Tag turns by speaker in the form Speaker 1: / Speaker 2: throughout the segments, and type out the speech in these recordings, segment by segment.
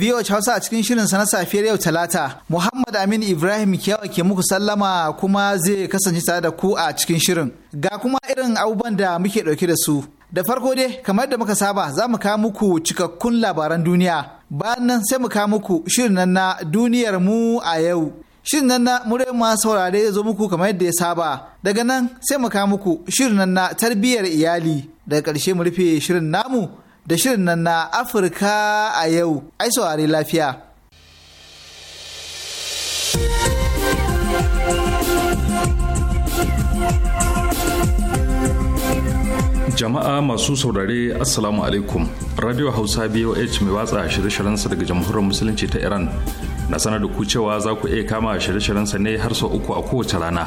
Speaker 1: biyo Hausa a cikin shirin na safiyar yau Talata. Muhammad Aminu Ibrahim Kiyawa ke muku sallama kuma zai kasance tare da ku a cikin shirin. Ga kuma irin abubuwan da muke ɗauke da su. Da farko dai, kamar da muka saba, za mu kawo muku cikakkun labaran duniya. Bayan nan sai mu kawo muku shirin nan na duniyar mu a yau. Shirin nan na ma saurare ya zo muku kamar yadda ya saba. Daga nan sai mu kawo muku shirin nan na tarbiyyar iyali. Daga ƙarshe mu rufe shirin namu da shirin nan na Afirka a yau, ai saurari lafiya.
Speaker 2: Jama'a masu saurare Assalamu alaikum Radio Hausa BOH mai watsa shirye sa daga Jamhuriyar Musulunci ta Iran na sanar da ku cewa za ku iya kama shirye sa ne har sau uku a kowace rana.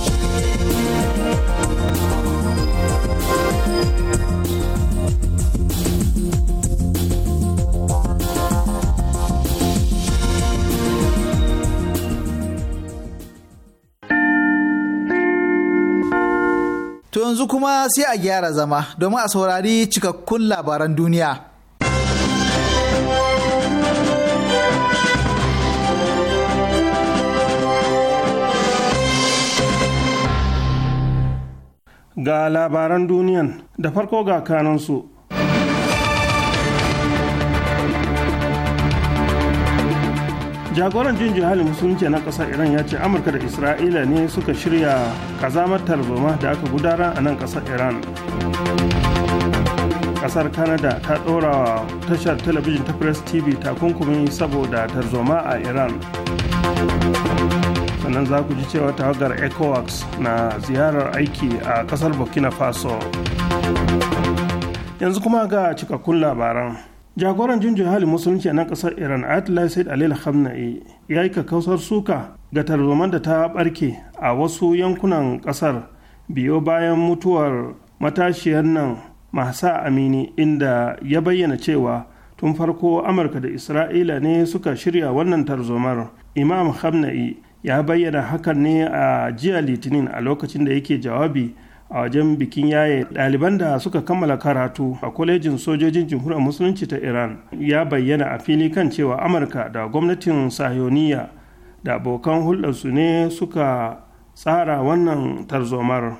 Speaker 1: yanzu kuma sai a gyara zama domin a saurari cikakkun labaran duniya.
Speaker 3: Ga labaran duniyan da farko ga kanansu. jagoran jin jihali musulunci na ƙasar iran ya ce amurka da isra'ila ne suka shirya kazamar tarzoma da aka gudara a nan ƙasar iran ƙasar Kanada ta ɗora tashar talabijin ta press tv takunkumi saboda tarzoma a iran sannan za ku ji cewa tawagar ecowax na ziyarar aiki a ƙasar burkina faso yanzu kuma ga cikakkun labaran jagoran jinjin halin musulunci a nan kasar iran ayatollah said alil hamna'i ya yi kakkausar suka ga tarzoman da ta barke a wasu yankunan kasar biyo bayan mutuwar matashiyar nan mahsa amini inda ya bayyana cewa tun farko amurka da isra'ila ne suka shirya wannan tarzomar imam hamna'i ya bayyana hakan ne a jiya litinin a lokacin da yake jawabi a wajen bikin yaye ɗaliban da suka kammala karatu a kwalejin sojojin jamhuriyar musulunci ta iran ya bayyana a fili kan cewa amurka da gwamnatin sayoniya da abokan hulɗarsu ne suka tsara wannan tarzomar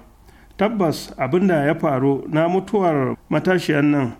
Speaker 3: tabbas abin da ya faru na mutuwar matashiyar nan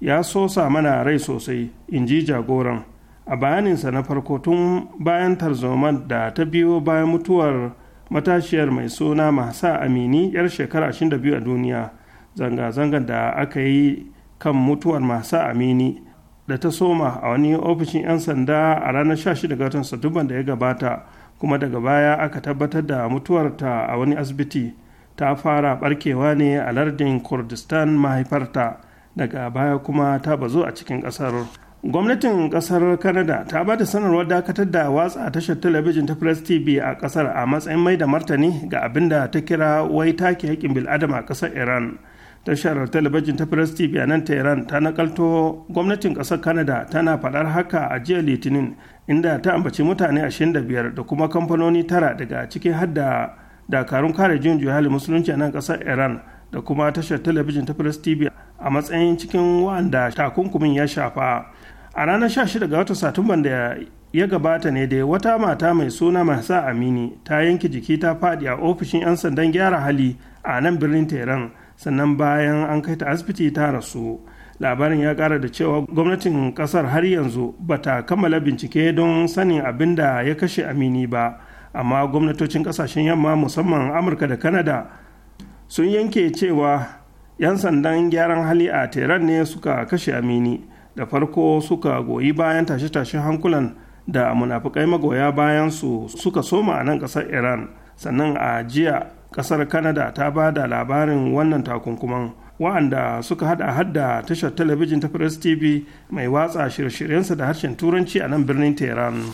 Speaker 3: ya sosa mana rai sosai in ji jagoran a bayaninsa na farko tun bayan tarzomar da ta biyo bayan mutuwar matashiyar mai suna masa amini yar shekara 22 a duniya zanga-zangar da aka yi kan mutuwar masa amini da ta soma a wani ofishin 'yan sanda a ranar 16 ga watan satumban da ya gabata kuma daga baya aka tabbatar da mutuwarta a wani asibiti ta fara barkewa ne a lardin kurdistan mahaifarta daga baya kuma ta bazu a cikin ƙasar gwamnatin kasar canada ta ba da sanarwar dakatar da watsa tashar talabijin ta press tv a kasar a matsayin mai da martani ga abin da ta kira wai take haƙƙin bil'adama a kasar iran tashar talabijin ta press tv a nan ta iran ta nakalto gwamnatin kasar canada tana faɗar haka a jiya litinin inda ta ambaci mutane 25 da kuma kamfanoni tara daga cikin hadda dakarun kare jin juhali musulunci a nan kasar iran da kuma tashar talabijin ta press tv a matsayin cikin wa'anda takunkumin ya shafa a ranar 16 ga watan satumban da ya gabata ne da wata mata mai suna masa amini ta yanke jiki ta faɗi a ofishin 'yan sandan gyara hali a nan birnin tehran sannan bayan an kai ta asibiti ta rasu labarin ya kara da cewa gwamnatin kasar har yanzu ba ta kammala bincike don sanin abin da ya kashe amini ba amma gwamnatocin kasashen yamma musamman amurka da kanada sun yanke cewa 'yan sandan gyaran hali a tehran ne suka kashe amini da farko suka goyi bayan tashe-tashen hankulan da munafukai magoya bayan su suka soma a nan ƙasar iran sannan a jiya ƙasar Kanada ta ba da labarin wannan takunkuman wa'anda suka hada hadda tashar talabijin ta press tv mai watsa shirye-shiryensa da harshen turanci a nan birnin tehran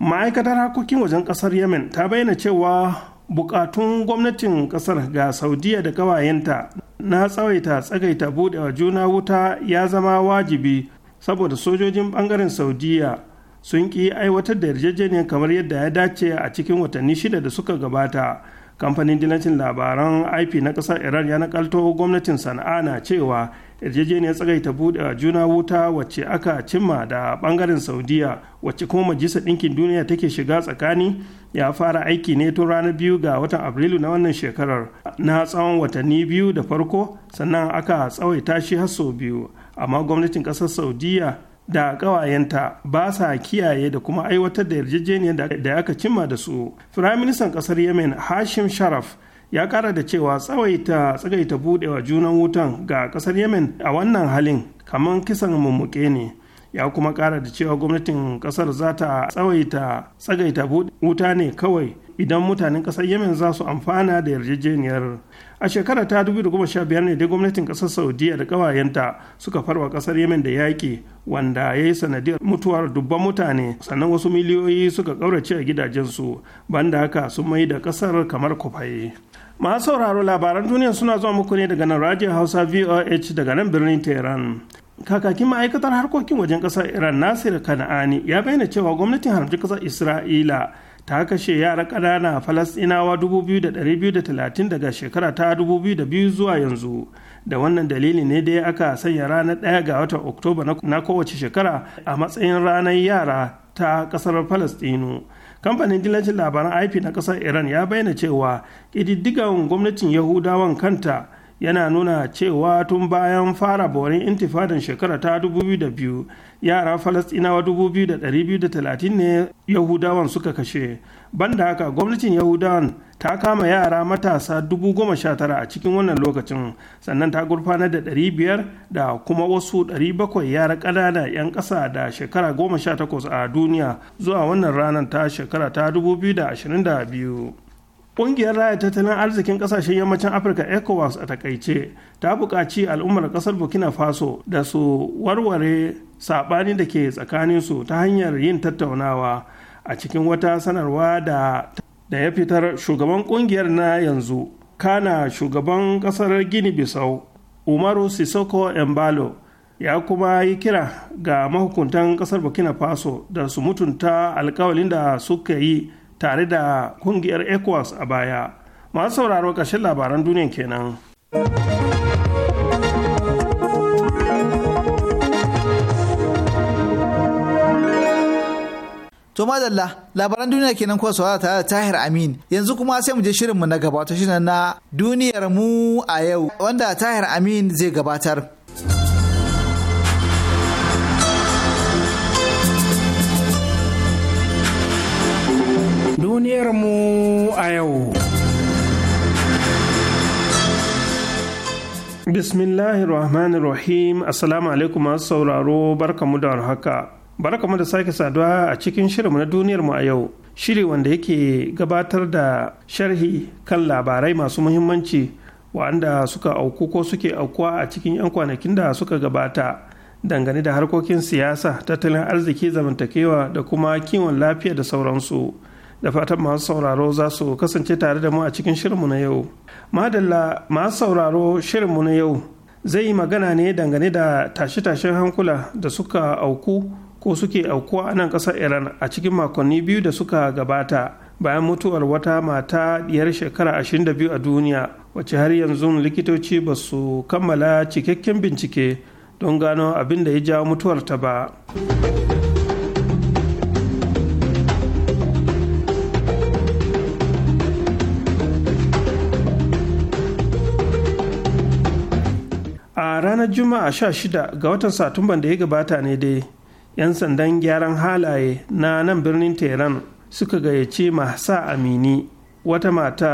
Speaker 3: ma'aikatar harkokin wajen ƙasar yemen ta bayyana cewa bukatun gwamnatin kasar ga saudiya da kawayenta na tsawaita tsagaita budewa juna wuta ya zama wajibi saboda sojojin bangaren saudiya sun ki aiwatar da yarjejeniyar kamar yadda ya dace a cikin watanni shida da suka gabata kamfanin dilancin labaran ip na kasar iran ya nakalto gwamnatin sana'a na cewa yarjejeniyar tsagaita buɗe juna wuta wacce aka cimma da bangaren saudiya wacce kuma majalisar ɗinkin duniya take shiga tsakani ya fara aiki ne tun ranar biyu ga watan afrilu na wannan shekarar na tsawon watanni biyu da farko sannan aka tsawaita tashi har sau biyu amma gwamnatin ƙasar saudiya da ƙawayenta ba sa kiyaye da kuma aiwatar da yarjejeniyar da aka cimma da su firaministan ƙasar yemen hashim sharaf ya kara da cewa tsawaita tsagaita budewa junan wutan ga kasar yemen a wannan halin kamar kisan mummuke ne ya kuma kara da cewa gwamnatin kasar za ta tsawaita tsagaita wuta ne kawai idan mutanen kasar yemen za su amfana da yarjejeniyar a shekara ta 2015 ne dai gwamnatin kasar saudiya da kawayenta suka farwa kasar yemen da yaƙi wanda ya yi sanadiyar mutuwar dubban mutane sannan wasu miliyoyi suka ƙaurace a gidajensu banda haka sun mai da kasar kamar kufaye. masu sauraro labaran duniya suna zuwa muku ne daga nan radio hausa voh daga nan birnin tehran kakakin ma'aikatar harkokin wajen ƙasar iran nasir kana'ani ya bayyana cewa gwamnatin harbi ƙasar isra'ila ta kashe yara ƙanana falasɗinawa 2,230 daga shekara ta 2002 zuwa yanzu da wannan dalili ne dai aka sanya ranar ɗaya ga watan oktoba na kowace shekara a matsayin ranar yara ta ƙasar falasɗinu kamfanin dillacin labaran ip na kasar iran ya bayyana cewa ƙididdigan gwamnatin yahudawan kanta yana nuna cewa tun bayan fara borin intifadan shekara ta 2002 yara falastinawa 2230 ne yahudawan suka kashe banda haka gwamnatin yahudawan ta kama yara matasa 19,000 goma a cikin wannan lokacin sannan ta gurfanar da 500 da kuma wasu 700 yara ƙanana 'yan ƙasa da shekara goma sha a duniya zuwa wannan ranar ta shekara ta 2,022. Ƙungiyar raya tattalin arzikin ƙasashen yammacin Afirka ECOWAS a takaice ta buƙaci al'ummar ƙasar Burkina Faso da su warware saɓani da ke tsakaninsu ta hanyar yin tattaunawa a cikin wata sanarwa da da ya fitar shugaban kungiyar na yanzu kana shugaban kasar gini bisau umaru sisoko embalo ya kuma yi kira ga mahukuntan kasar burkina faso da su mutunta alkawalin da suka yi tare da kungiyar ecowas a baya masu sauraro ƙarshen labaran duniya kenan. To
Speaker 1: madalla labaran duniya kenan kuwa saurara tare da Tahir Amin. Yanzu kuma sai mu je shirinmu na gaba ta shirin na duniyar mu a yau wanda Tahir Amin zai gabatar.
Speaker 3: Duniyar mu a yau. Bismillahirrahmanirrahim Assalamu alaikum masu sauraro barkamu da haka. barkamu da sake saduwa a cikin shirinmu na duniyar mu a yau shiri wanda yake gabatar da sharhi kan labarai masu muhimmanci wa'anda suka auku ko suke aukuwa a cikin 'yan kwanakin da suka gabata dangane da harkokin siyasa tattalin arziki zamantakewa da kuma kiwon lafiya da sauransu da fatan masu sauraro za su kasance tare da mu a cikin shirinmu na yau madalla masu sauraro shirinmu na yau zai yi magana ne dangane da tashe-tashen hankula da suka auku ko suke aukuwa a nan ƙasar iran a cikin makonni biyu da suka gabata bayan mutuwar wata mata diyar shekara 22 a duniya wacce har yanzu likitoci ba su kammala cikakken bincike don gano abin da ya jawo ta ba a ranar juma'a 16 ga watan satumban da ya gabata ne dai 'yan sandan gyaran halaye na nan birnin tehran suka gayyace mahsa amini wata mata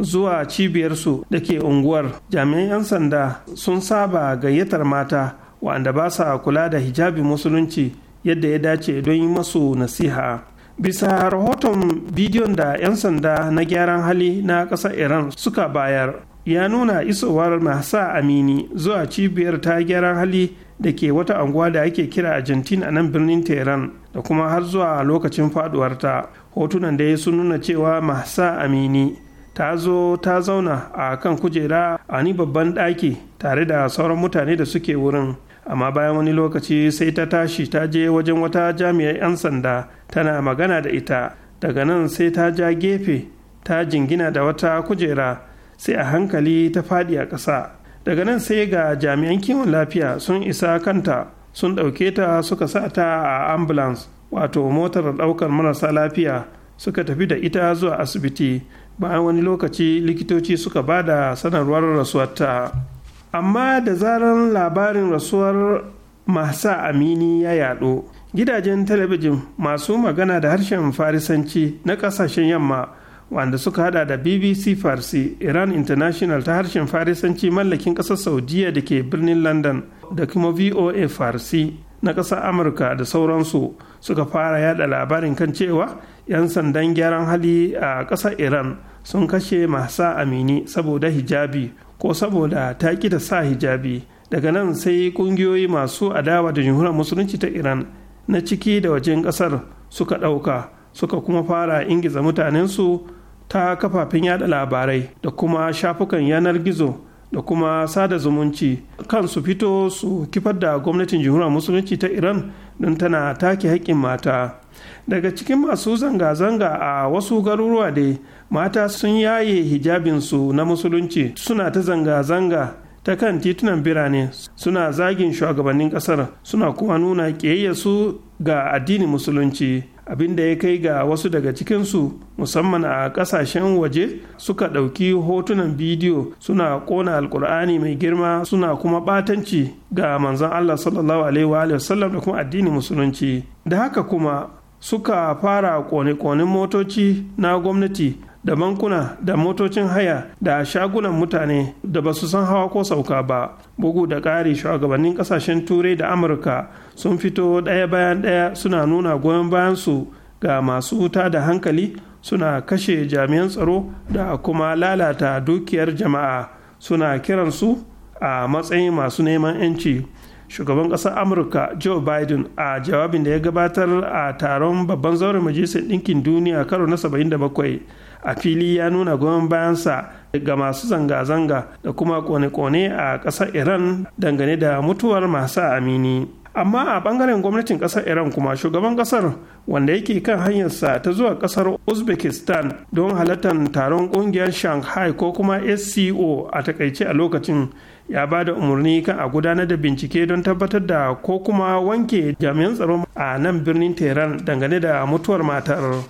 Speaker 3: zuwa cibiyarsu da ke unguwar jami'an 'yan sanda sun saba gayyatar mata wa'anda ba sa kula da hijabi musulunci yadda ya dace don yi masu nasiha bisa rahoton bidiyon da 'yan sanda na gyaran hali na ƙasar iran suka bayar ya nuna isowar mahsa amini zuwa cibiyar ta gyaran hali da ke wata anguwa da ake kira argentina a nan birnin tehran da kuma har zuwa lokacin faduwarta hotunan da ya sun nuna cewa mahsa amini ta zo ta zauna a kan kujera a ni babban ɗaki tare da sauran mutane da suke wurin amma bayan wani lokaci sai ta tashi ta je wajen wata jami'ar 'yan sanda tana magana da ita daga nan sai ta ja gefe ta jingina da wata kujera sai a hankali ta faɗi a ƙasa daga nan sai ga jami'an kiwon lafiya sun isa kanta sun ɗauke ta suka sa ta a ambulance wato motar ɗaukar marasa lafiya suka tafi da ita zuwa asibiti bayan wani lokaci likitoci suka ba da sanarwar rasuwar ta. amma da zarar labarin rasuwar masa amini ya yaɗo gidajen talabijin masu magana da harshen farisanci na ƙasashen yamma wanda suka hada da bbc farsi iran international ta harshen farisanci mallakin kasar saudiya da ke birnin london da kuma voa farsi na kasar amurka da sauransu suka fara yada labarin kan cewa 'yan sandan gyaran hali a kasar iran sun kashe masa amini saboda hijabi ko saboda ta da sa hijabi daga nan sai kungiyoyi masu adawa da jamhuriyar musulunci ta iran na ciki da wajen kasar suka ɗauka suka kuma fara ingiza mutanensu ta kafafen yada labarai da kuma shafukan yanar gizo da kuma sada zumunci kan su fito su kifar da gwamnatin jihura musulunci ta iran don tana take haƙƙin mata daga cikin masu zanga-zanga a wasu garuruwa dai mata sun yaye hijabinsu na musulunci suna ta zanga-zanga ta kan titunan birane suna zagin shugabannin kasar suna kuma nuna ƙiyayyarsu ga addinin musulunci Abin da ya kai ga wasu daga cikinsu musamman a kasashen waje suka ɗauki hotunan bidiyo suna ƙona alkur'ani mai girma suna kuma ɓatanci ga manzon allah sallallahu alaihi da kuma addinin musulunci da haka kuma suka fara kone-konen motoci na gwamnati da bankuna da motocin haya da shagunan mutane da ba su san hawa ko sauka ba bugu da ƙari shugabannin ƙasashen turai da amurka sun fito ɗaya bayan ɗaya suna nuna goyon bayansu ga masu wuta da hankali suna kashe jami'an tsaro da kuma lalata dukiyar jama'a suna kiransu a matsayin masu neman 'yanci shugaban ƙasar amurka joe biden a jawabin da ya gabatar a taron babban zauren majalisar ɗinkin duniya karo na 77 a fili ya nuna goyon bayansa ga masu zanga-zanga da kuma kone-kone a ƙasar iran dangane da mutuwar masu amini amma a bangaren gwamnatin ƙasar iran kuma shugaban ƙasar wanda yake kan hanyarsa ta zuwa ƙasar uzbekistan don halartar taron ƙungiyar shanghai ko kuma sco a takaice a lokacin ya ba da umarni kan a gudanar da bincike don tabbatar da ko kuma wanke jami'an tsaro a nan birnin tehran dangane da mutuwar matar.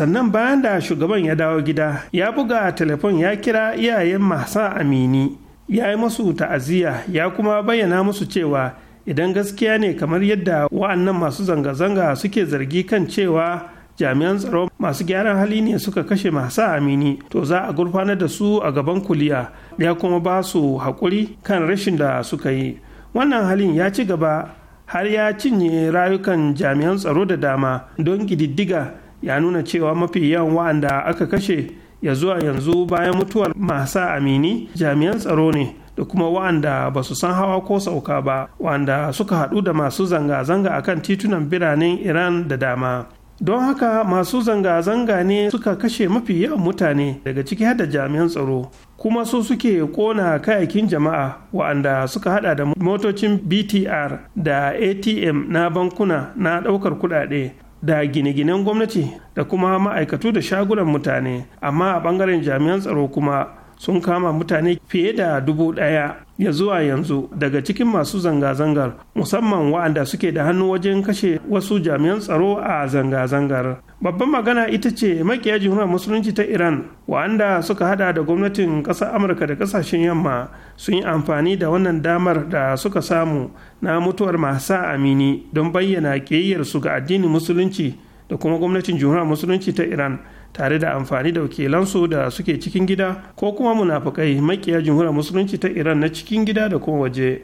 Speaker 3: sannan bayan da shugaban ya dawo gida ya buga telefon ya kira iyayen mahsa amini ya yi masu ta'aziyya ya kuma bayyana musu cewa idan gaskiya ne kamar yadda wa'annan masu zanga-zanga suke zargi kan cewa jami'an tsaro masu gyaran hali ne suka kashe masu amini to za a gurfanar da su a gaban kuliya ya kuma ba su haƙuri kan rashin da suka yi wannan halin ya ci gaba har ya cinye rayukan jami'an tsaro da dama don ƙididdiga ya nuna cewa mafi yawan wa'anda aka kashe ya zuwa yanzu bayan mutuwar masa amini jami'an tsaro ne da kuma wa'anda ba su san hawa ko sauka ba wa'anda suka haɗu da masu zanga-zanga akan titunan biranen iran da dama don haka masu zanga-zanga ne suka kashe mafi yawan mutane daga ciki har da jami'an tsaro kuma su suke kona kayakin jama'a wa'anda suka hada da motocin btr da atm na bankuna na daukar kudade da gine-ginen gwamnati da kuma ma'aikatu da shagunan mutane amma a bangaren jami'an tsaro kuma sun kama mutane fiye da dubu ɗaya ya zuwa yanzu daga cikin masu zanga-zangar musamman wa'anda suke da hannu wajen kashe wasu jami'an tsaro a zanga-zangar babban magana ita ce makiya jihunar musulunci ta iran wa'anda suka hada da gwamnatin ƙasar amurka da ƙasashen yamma sun yi amfani da wannan damar da suka samu na mutuwar masa amini don bayyana ƙiyayyarsu ga addinin musulunci da kuma gwamnatin jihunar musulunci ta iran tare da amfani da wakilansu da suke cikin gida ko kuma munafukai makiya jumhuriyar musulunci ta iran na cikin gida da kuma waje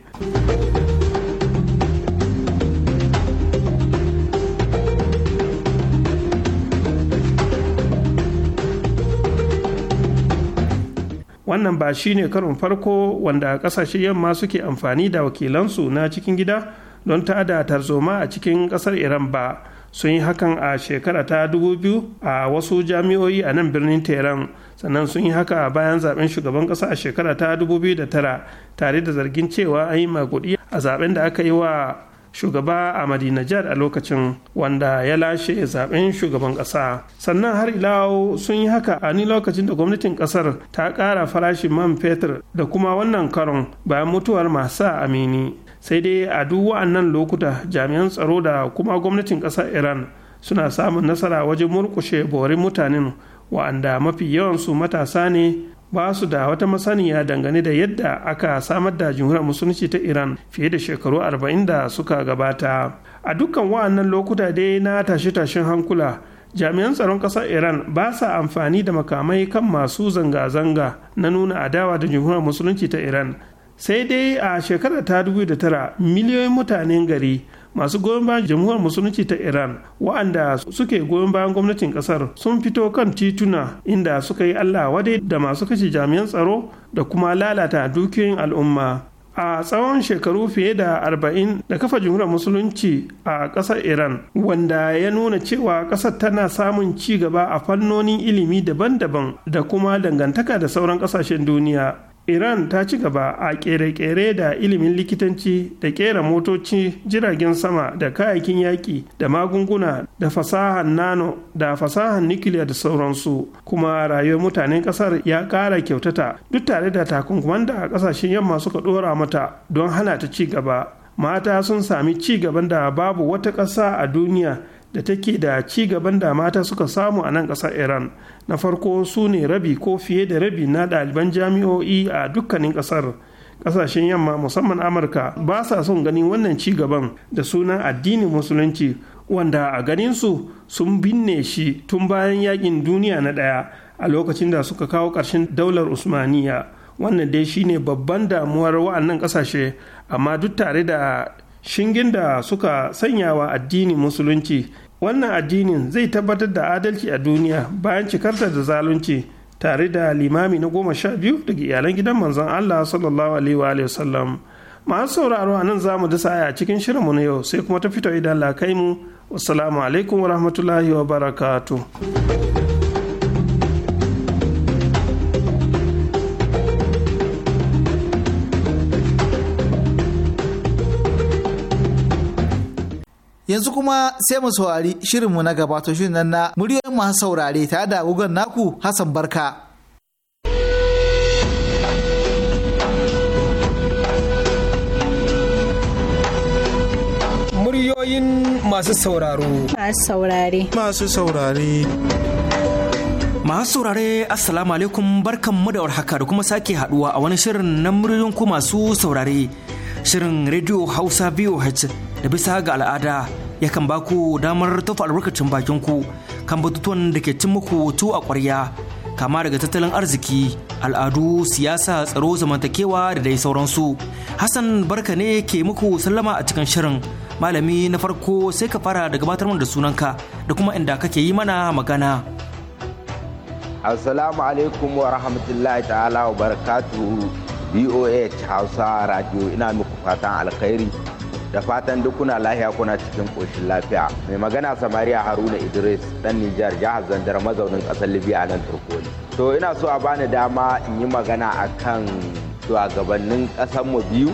Speaker 3: wannan ba shi ne karin farko wanda kasashe yamma suke amfani da wakilansu na cikin gida don ta'ada tarzoma a cikin kasar iran ba sun yi hakan a shekara ta 2000 a wasu jami'o'i a nan birnin tehran sannan sun yi haka a bayan zaben shugaban kasa a shekara ta tara tare da zargin cewa an yi magudi a zaben da aka yi wa shugaba Ahmadi Najjar a lokacin wanda ya lashe zaben shugaban ƙasa. Sannan har ilawo sun yi haka a ni lokacin da gwamnatin ƙasar ta ƙara farashin man fetur da kuma wannan karon bayan mutuwar Masa Amini. sai dai a duk wa'annan lokuta jami'an tsaro da kuma gwamnatin ƙasar iran suna samun nasara wajen murkushe borin mutanen wa'anda mafi su matasa ne ba su da wata masaniya dangane da yadda aka samar da jumhuriyar musulunci ta iran fiye da shekaru arba'in da suka gabata a dukkan wa'annan lokuta dai na tashe-tashen hankula jami'an tsaron ƙasar iran ba sa amfani da makamai kan masu zanga-zanga na nuna adawa da jumhuriyar musulunci ta iran sai dai a shekarar ta 2009 miliyoyin mutanen gari masu goyon bayan jamhuriyar musulunci ta iran wa'anda suke goyon bayan gwamnatin ƙasar sun fito kan tituna inda suka yi allah wade da masu kashe jami'an tsaro da kuma lalata dukiyoyin al'umma a tsawon shekaru fiye da arba'in da kafa jamhuriyar musulunci a ƙasar iran wanda ya nuna cewa ƙasar tana samun ci gaba a fannonin ilimi daban-daban da kuma dangantaka da sauran ƙasashen duniya iran ta ci gaba a kere-kere da ilimin likitanci da kera motoci jiragen sama da kayakin yaƙi da magunguna da fasahan nano da fasahan nukiliya da sauransu kuma rayuwar mutanen ƙasar ya ƙara kyautata duk tare da takunkuman da ƙasashen yamma suka ɗora mata don hana ta ci gaba mata sun sami ci gaban da babu wata ƙasa a duniya da take da ci gaban da mata suka samu a nan ƙasar iran na farko su ne rabi ko fiye da rabi na ɗaliban jami'o'i a dukkanin ƙasar ƙasashen yamma musamman amurka ba sa son ganin wannan ci gaban da sunan addinin musulunci wanda a ganin su sun binne shi tun bayan yakin duniya na ɗaya a lokacin da suka kawo ƙarshen daular usmaniya wannan dai shine babban damuwar wa'annan ƙasashe amma duk tare da shingin da suka sanyawa addinin musulunci wannan addinin zai tabbatar da adalci a duniya bayan cikarta da zalunci tare da limami na goma sha biyu daga iyalan gidan manzon Allah sallallahu alaihi wa sallam masu sauraro a nan zamu dasa aya cikin shirinmu na yau sai kuma ta fito idan la kai mu wassalamu alaikum wa rahmatullahi wa barakatuh
Speaker 1: yanzu kuma sai mu saurari shirinmu na gaba to shirin nan na muryoyin masu saurare ta da gugan naku Hassan Barka.
Speaker 4: Muryoyin masu sauraro.
Speaker 5: Masu saurare.
Speaker 6: Masu saurare. Masu saurare Assalamu alaikum barkan mu da warhaka da kuma sake haduwa a wani shirin na muryoyin ku masu saurare. shirin rediyo hausa VOH da bisa ga al'ada ya yakan baku damar tofa albarkacin bakin ku kan batutuwan da ke cin muku tu a ƙwarya kama daga tattalin arziki al'adu siyasa tsaro zamantakewa da dai sauransu hassan barka ne ke muku sallama a cikin shirin malami na farko sai ka fara da gabatar da sunanka da kuma inda kake yi mana magana
Speaker 7: assalamu alaikum wa rahmatullahi ta'ala wa barakatuhu BOH Hausa Radio ina fatan alkhairi da fatan duk kuna lahiya kuna cikin koshin lafiya mai magana samariya haruna idris dan nijar jihar zandar mazaunin kasar libya nan turkoli to ina so a bani dama in yi magana akan shugabannin mu biyu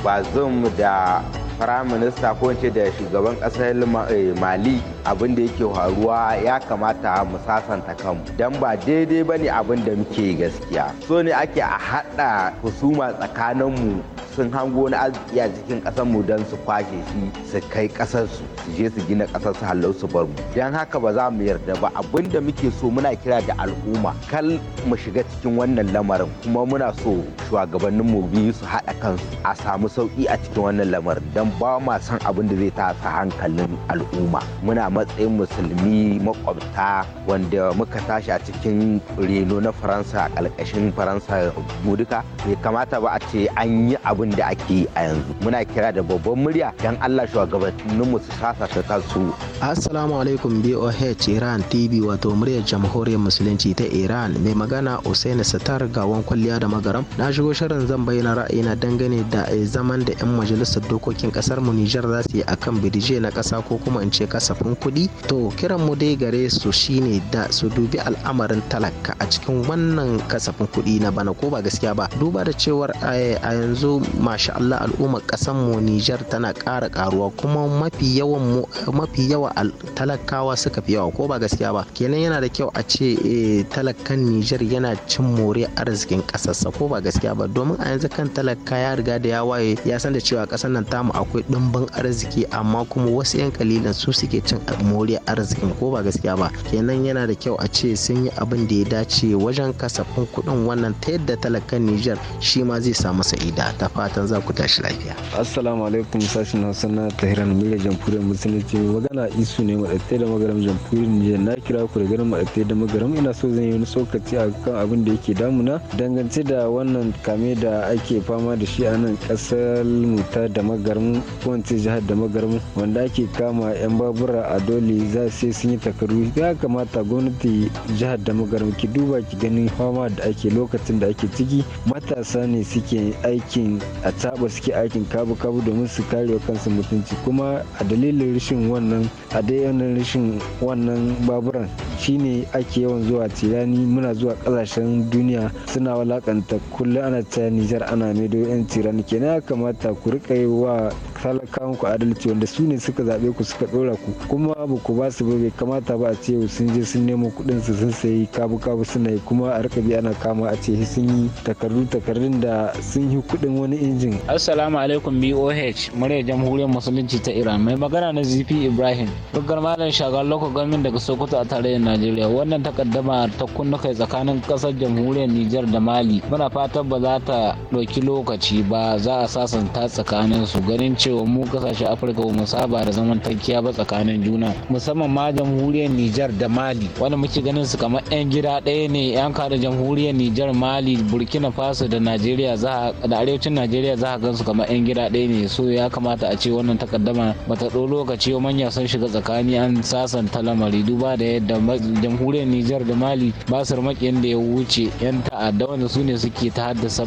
Speaker 7: bazum da firaminista ko ce da shugaban kasar eh, mali abin da yake faruwa ya kamata mu sasanta kanmu Dan ba daidai bane ne abin da muke gaskiya so ne ake a haɗa husuma tsakaninmu sun hango na arziki a cikin mu don su kwashe shi su kai ƙasarsu su su je su gina ƙasar su hallau su bar mu don haka ba za mu yarda ba abin da muke so muna kira da al'umma kal mu shiga cikin wannan lamarin kuma muna so shugabannin mu biyu su haɗa kansu a samu sauƙi a cikin wannan lamarin don ba ma san abin da zai tasa hankalin al'umma muna matsayin musulmi makwabta wanda muka tashi a cikin reno na faransa a ƙarƙashin faransa mu duka bai kamata ba a ce an yi abin abin da ake yi a yanzu muna kira da babban murya don allah shugabanninmu su sasanta kansu
Speaker 8: assalamu alaikum boh iran tv wato muryar jamhuriyar musulunci ta iran mai magana usaini satar gawon kwalliya da magaram na shigo shirin zan bayyana ra'ayina dangane da eh, zaman da 'yan majalisar dokokin kasar mu nijar za su yi akan bidije na kasa ko kuma in ce kasafin kuɗi to kiran mu dai gare su shine da su dubi al'amarin talaka a cikin wannan kasafin kuɗi na bana ko ba gaskiya ba duba da cewar eh, a yanzu masha Allah al'ummar ƙasar mu Nijar tana ƙara karuwa kuma mafi yawan mafi yawa talakawa suka fi yawa ko ba gaskiya ba kenan yana da kyau a ce eh, talakan Nijar yana cin more arzikin ƙasarsa ko ba gaskiya ba domin a yanzu kan talaka ya riga da ya waye ya san da cewa ƙasar nan tamu akwai ɗimbin arziki amma kuma wasu 'yan kalilan su suke cin more arzikin ko ba gaskiya ba kenan yana da kyau a ce sun yi abin da ya dace wajen kasafin kuɗin wannan ta yadda talakan Nijar shi ma zai samu sa'ida ta fatan za ku tashi lafiya
Speaker 5: assalamu alaikum sashen hausa na tahiran mila jamhuriyar musulunci magana isu ne madatsai da magaram jamhuriyar nijar na kira ku da garin madatsai da magaram ina so zan yi wani tsokaci a kan abin da yake damuna dangance da wannan kame da ake fama da shi a nan kasar ta da magaram ko jihar da magaram wanda ake kama yan babura a dole za su sun yi takaru ya kamata gwamnati jihar da magaram ki duba ki gani fama da ake lokacin da ake ciki matasa ne suke aikin a taba suke aikin kabu kabu domin su kare kansu mutunci kuma a dalilin rashin wannan a dai rashin wannan baburan shine ake yawan zuwa tirani muna zuwa kasashen duniya suna walakanta kullum ana ta nijar ana maido yan tirani kenan ya kamata ku rika yi wa talakawan ku adalci wanda su ne suka zaɓe ku suka ɗora ku kuma ba ku ba su bai kamata ba a ce sun je sun nemo kuɗin su sun sayi kabu kabu suna yi kuma a rika bi ana kama a ce sun yi takardu takardun da sun yi kuɗin wani injin.
Speaker 9: Assalamu alaikum BOH murya jamhuriyar musulunci ta Iran mai magana na ZP Ibrahim dukkan malam shagar loko gamin daga Sokoto a tarayyar Najeriya wannan takaddama ta kunna tsakanin ƙasar jamhuriyar Nijar da Mali muna fatan ba za ta ɗauki lokaci ba za a sasanta tsakanin su ganin cewa cewa mu kasashen afirka mu saba da zaman tankiya ba tsakanin juna musamman ma jamhuriyar nijar da mali wanda muke ganin su kamar yan gida ɗaya ne yan kada jamhuriyar nijar mali burkina faso da najeriya za da arewacin najeriya za a gan su kamar yan gida ɗaya ne so ya kamata a ce wannan takaddama bata ɗau lokaci manya sun shiga tsakani an sasanta lamari duba da yadda jamhuriyar nijar da mali ba su maƙiyan da ya wuce yan ta'adda wanda su ne suke ta haddasa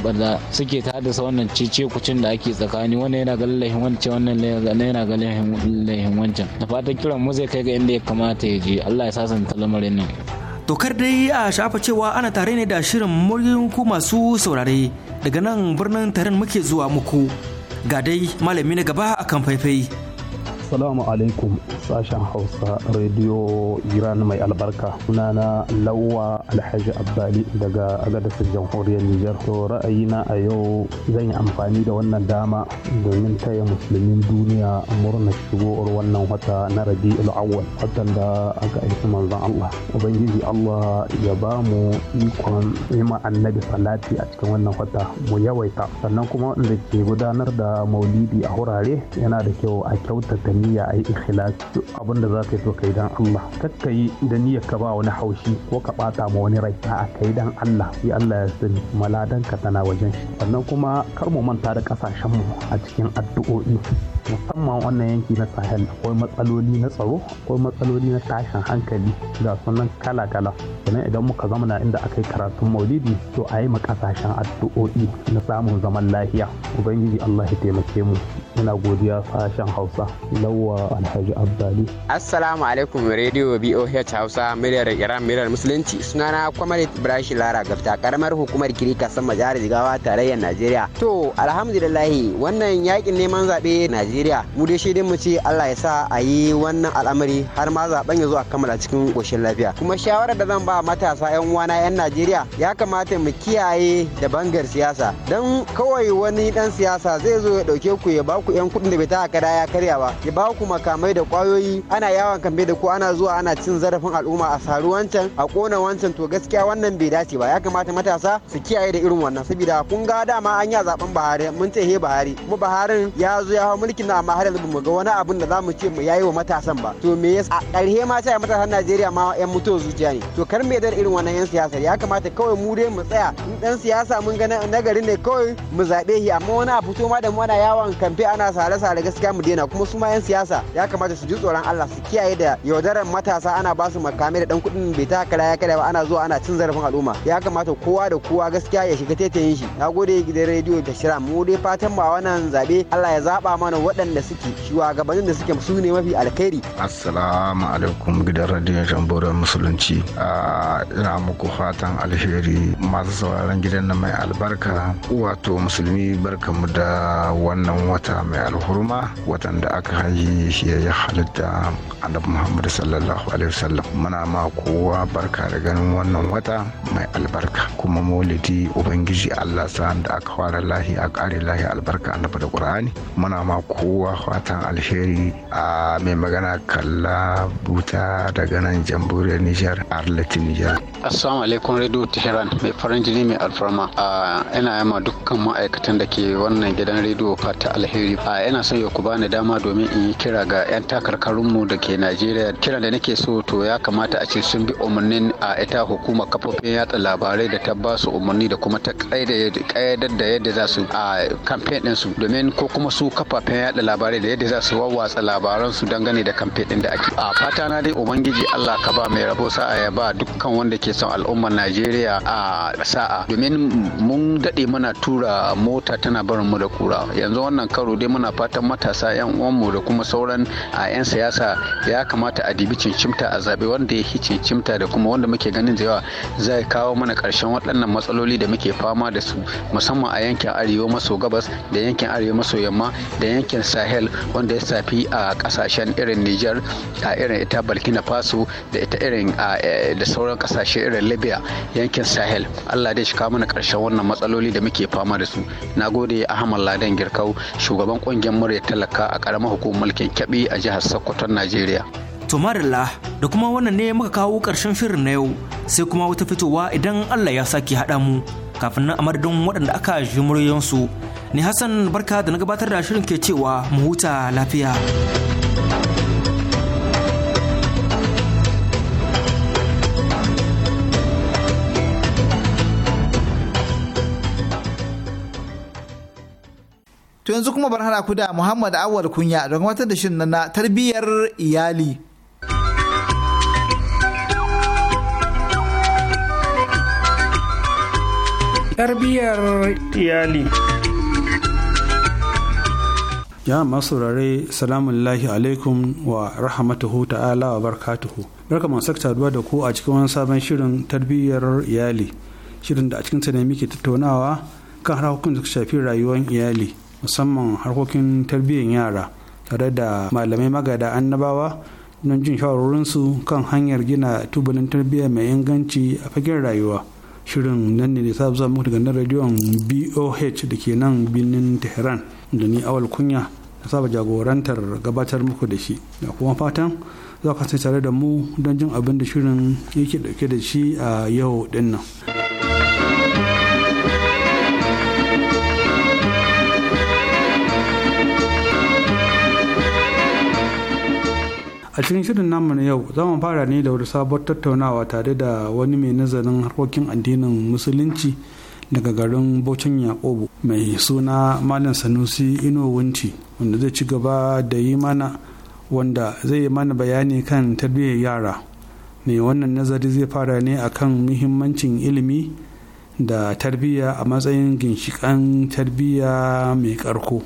Speaker 9: suke ta haddasa wannan cece kucin da ake tsakani wannan yana ga lallahin wance wannan naira ga laihin wancan da fatan kiran mu zai kai ga inda ya kamata ya je allah ya sasanta lamarin nan tokar dai a shafa cewa ana tare ne da shirin muryin ku
Speaker 6: masu saurare daga nan birnin taron muke zuwa muku ga dai malami na
Speaker 10: gaba akan faifai Assalamu alaikum sashen Hausa Radio Iran mai albarka. Sunana Lawa Alhaji abdali daga agadasar jamhuriyar Nijar. To ra'ayina a yau zan yi amfani da wannan dama domin taya musulmin duniya murna shigowar wannan wata na Rabi'ul Awwal watan da aka aiki manzon Allah. Ubangiji Allah ya ba mu ikon ima annabi salati a cikin wannan wata mu yawaita sannan kuma wanda ke gudanar da maulidi a wurare yana da kyau a kyautata niyya yi ikhlas duk abin da za ka yi ka yi dan Allah kakka yi da niyyar ka ba wani haushi ko ka bata ma wani rai a'a kai dan Allah ya Allah ya sani maladan ka tana wajen shi sannan kuma kar mu manta da kasashen mu a cikin addu'o'i musamman wannan yanki na sahel akwai matsaloli na tsaro akwai matsaloli na tashin hankali ga sunan kala-kala sannan idan muka zamana inda aka yi karatun maulidi to a yi ma kasashen addu'o'i na samun zaman lafiya ubangiji allah ya taimake mu ina godiya sashen hausa yawa alhaji abdali
Speaker 11: assalamu alaikum radio boh hausa miliyar iran miliyar musulunci sunana kwamarit ibrahim lara gafta karamar hukumar kirika sama jihar jigawa tarayyar najeriya to alhamdulillahi wannan yakin neman zaɓe najeriya mu dai shi dai mu ce allah ya sa a yi wannan al'amari har ma zaben ya zo a kammala cikin ƙoshin lafiya kuma shawarar da zan ba matasa yan uwana yan najeriya ya kamata mu kiyaye da bangar siyasa don kawai wani dan siyasa zai zo ya ɗauke ku ya ba ku yan kuɗin da bai ta kada ya karya ba ba ku makamai da kwayoyi ana yawon kambe da ku ana zuwa ana cin zarafin al'umma a saru wancan a kona wancan to gaskiya wannan bai dace ba ya kamata matasa su kiyaye da irin wannan saboda kun ga dama an ya zaben bahari mun ce he Bahari mu baharin ya zo ya hau mulkin na amma har yanzu mu ga wani abin da zamu ce mu yayi wa matasan ba to me yasa a ma sai matasan Najeriya ma yan mutuwa zuciya ne to kar me da irin wannan yan siyasa ya kamata kawai mu dai mu tsaya in dan siyasa mun ga nagari ne kawai mu zabe shi amma wani a fito ma da mu ana yawon kamfe ana sare-sare gaskiya mu daina kuma su ma yan siyasa ya kamata su ji tsoron Allah su kiyaye da yaudarar matasa ana ba su makamai da dan kuɗin bai ta kala ya kala ba ana zuwa ana cin zarafin al'umma ya kamata kowa da kowa gaskiya ya shiga tetayin shi na gode gidan rediyo ta shira mu dai fatan ba wannan zabe Allah ya zaba mana waɗanda suke shugabannin da suke su ne mafi alkhairi
Speaker 12: assalamu alaikum gidan rediyo jamhuriyar musulunci ah, ina muku fatan alheri masu sauraron gidan na mai albarka wato musulmi barkamu da wannan wata mai alhurma watan da aka ji shi ya halitta annabi Muhammad sallallahu alaihi wasallam muna ma kowa barka da ganin wannan wata mai albarka kuma maulidi ubangiji Allah sa da aka fara lahi a kare lahi albarka annabi da Qur'ani muna ma kowa fatan alheri a mai magana kalla buta daga nan jamhuriyar Nijar Arlati Nijar Assalamu alaikum Radio Tehran mai farin jini mai alfarma a ina yama dukkan ma'aikatan da ke wannan gidan rediyo fata alheri a ina son ya ku bani dama domin in yi kira ga 'yan takarkarunmu da ke najeriya kira da nake so to ya kamata a ce sun bi umarnin a ita hukumar kafofin yatsa labarai da ta ba su umarni da kuma ta kaidar da yadda za su a kamfen din su domin ko kuma su kafafen yada labarai da yadda za su wawwatsa labaran su dangane da kamfen din da ake a fata na dai ubangiji Allah ka ba mai rabo sa'a ya ba dukkan wanda ke son al'ummar Najeriya a sa'a domin mun dade muna tura mota tana barin mu da kura yanzu wannan karo dai muna fatan matasa yan uwan mu da kuma sauran a 'yan siyasa ya kamata a dibi cincimta a zaɓe wanda ya cincimta da kuma wanda muke ganin yawa zai kawo mana ƙarshen waɗannan matsaloli da muke fama da su musamman a yankin arewa maso gabas da yankin arewa maso yamma da yankin sahel wanda ya safi a ƙasashen irin niger a irin ita burkina faso da ita irin e, da sauran ƙasashe irin libya yankin sahel allah dai shi kawo mana ƙarshen wannan matsaloli da muke fama da su na gode ahmad ladan girkau shugaban ƙungiyar murya talaka a ƙaramar hukumar mulkin kyabi a jihar sokoton najeriya
Speaker 6: tomarilla da kuma wannan ne muka kawo ƙarshen shirin na yau sai kuma wata fitowa idan allah ya sake haɗa mu kafin nan a madadin waɗanda aka ji muryoyinsu. ni hassan barka da na gabatar da shirin ke cewa mu huta lafiya
Speaker 1: To yanzu kuma bar hana ku da Muhammad Awal Kunya don watar da shirin na tarbiyyar iyali.
Speaker 3: Tarbiyyar iyali.
Speaker 13: Ya masu rare salamun lahi alaikum wa rahmatuhu ta'ala wa barkatuhu. Barka masu saduwa da ku a cikin wani sabon shirin tarbiyyar iyali. Shirin da a cikin ne muke tattaunawa kan harkokin da shafi rayuwar iyali. musamman harkokin tarbiyyar yara tare da malamai magada annabawa don jin shawarorinsu kan hanyar gina tubalin tarbiyya mai inganci a fagen rayuwa shirin nan ne da sabu zama daga nan rediyon boh da ke nan birnin tehran da ni awal kunya da saba jagorantar gabatar muku da shi da kuma fatan za ka tare da mu don jin abin da shirin yake dauke da shi a yau dinnan. a cikin shirin namu na yau za mu fara ne da wani sabon tattaunawa tare da wani mai nazarin harkokin addinin musulunci daga garin Bauchin Yakubu mai suna Malam Sanusi Inowunti wanda zai ci gaba da yi mana wanda zai yi mana bayani kan tarbiyyar yara. Mai wannan nazari zai fara ne akan muhimmancin ilimi da tarbiyya a matsayin ginshikan tarbiyya mai karko.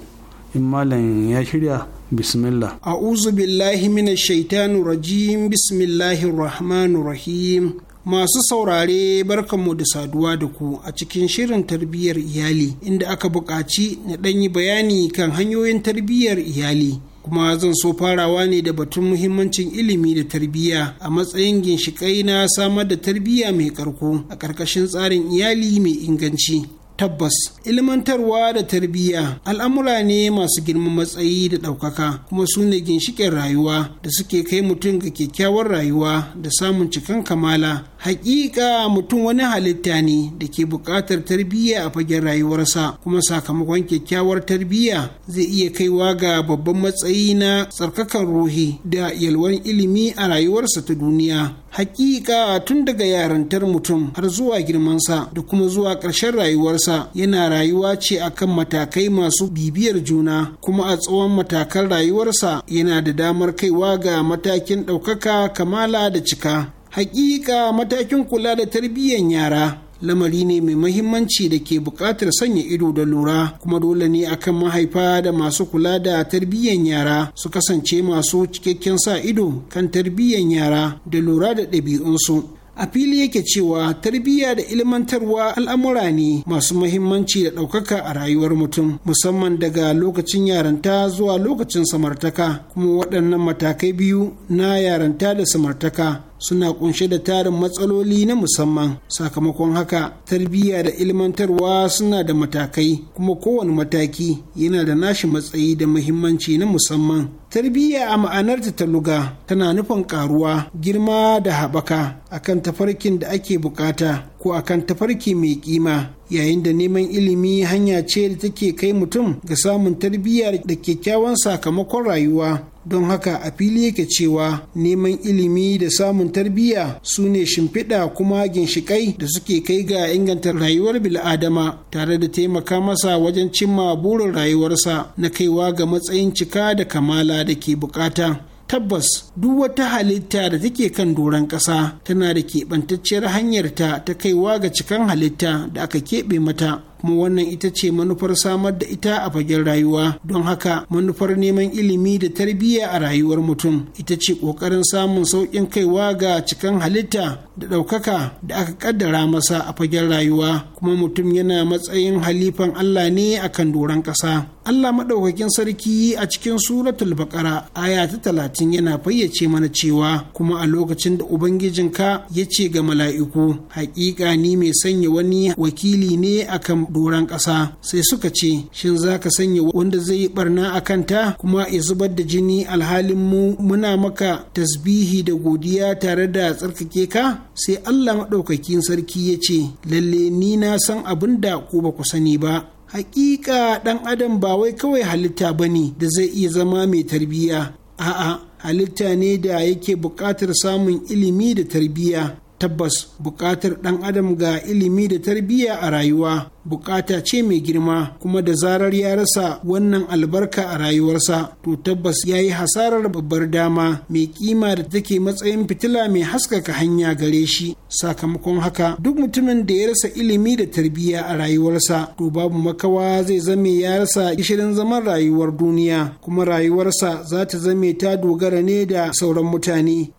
Speaker 13: In Malam ya shirya bismillah
Speaker 4: mina billahi rajim bismillahir rahmanu rahim Masu saurare barkanmu da saduwa da ku a cikin shirin tarbiyyar iyali inda aka buƙaci na ɗanyi bayani kan hanyoyin tarbiyyar iyali. kuma zan so farawa ne da batun muhimmancin ilimi da tarbiyya a matsayin ginshiƙai na samar da tarbiyya mai ƙarko a ƙarƙashin tsarin iyali mai inganci tabbas ilmantarwa da tarbiyya al'amura ne masu girman matsayi da ɗaukaka kuma su ne ginshiƙin rayuwa da suke kai mutum ga kyakkyawar rayuwa da samun cikan kamala haƙiƙa mutum wani halitta ne da ke buƙatar tarbiyya a fagen rayuwarsa kuma sakamakon kyakkyawar tarbiyya zai iya kaiwa ga babban matsayi na tsarkakan ruhi da yalwan ilimi a rayuwarsa ta duniya hakika tun daga yarantar mutum har zuwa girmansa da kuma zuwa ƙarshen rayuwarsa yana rayuwa ce akan matakai masu bibiyar juna kuma a tsawon matakan rayuwarsa yana da damar kaiwa ga matakin ɗaukaka kamala da cika hakika matakin kula da tarbiyyar yara lamari ne mai mahimmanci da ke buƙatar sanya ido da lura kuma dole ne akan mahaifa da masu kula da tarbiyyar yara su kasance masu cikakken sa ido kan tarbiyyar yara da lura da ɗabi'unsu a fili yake cewa tarbiyya da ilmantarwa al'amura ne masu mahimmanci da ɗaukaka a rayuwar mutum musamman daga lokacin yaranta zuwa lokacin samartaka kuma waɗannan matakai biyu na yaranta da samartaka suna kunshe da tarin matsaloli na musamman sakamakon haka tarbiyya da ilmantarwa suna da matakai kuma kowane mataki yana da nashi matsayi da muhimmanci na musamman tarbiyya a ma'anarta ta luga tana nufin karuwa girma da haɓaka akan tafarkin da ake bukata ko akan tafarki mai kima yayin da neman ilimi hanya ce da take kai mutum ga samun tarbiyya da kyakkyawan sakamakon rayuwa don haka a fili yake cewa neman ilimi da samun tarbiyya su ne shimfiɗa kuma ginshiƙai da suke kai ga inganta rayuwar bil'adama tare da taimaka masa wajen cimma burin rayuwarsa na kaiwa ga matsayin cika da kamala da ke bukata tabbas duk wata halitta da take kan doron ƙasa tana da keɓantacciyar hanyarta ta kaiwa ga cikan halitta da aka keɓe mata kuma wannan ita ce manufar samar da ita a fagen rayuwa don haka manufar neman ilimi da tarbiyya a rayuwar mutum ita ce ƙoƙarin samun sauƙin kaiwa ga cikan halitta da ɗaukaka da aka ƙaddara masa a fagen rayuwa kuma mutum yana matsayin halifan Allah ne a kan doron ƙasa Allah maɗaukakin sarki a cikin suratul baƙara aya ta talatin yana fayyace mana cewa kuma a lokacin da ubangijinka ya ce ga mala'iku haƙiƙa ni mai sanya wani wakili ne akan buran ƙasa sai suka ce shin za ka sanya wanda zai yi barna a kanta kuma ya zubar da jini alhalin mu muna maka tasbihi da godiya tare da tsarkake ka sai Allah maɗaukakin sarki ya ce lalle ni na san abin da ku ba ku sani ba hakika ɗan adam ba wai kawai halitta ba ne da zai iya zama mai tarbiyya a'a halitta ne da yake buƙatar samun ilimi da tarbiyya tabbas buƙatar ɗan adam ga ilimi da tarbiyya a rayuwa buƙata ce mai girma kuma da zarar ya rasa wannan albarka a rayuwarsa to tabbas ya yi hasarar babbar dama mai kima da take matsayin fitila mai haskaka hanya gare shi sakamakon haka duk mutumin da ya rasa ilimi da tarbiyya a rayuwarsa to babu makawa zai zame ya rasa gishirin zaman rayuwar duniya kuma rayuwarsa za ta zame ta dogara ne da sauran mutane.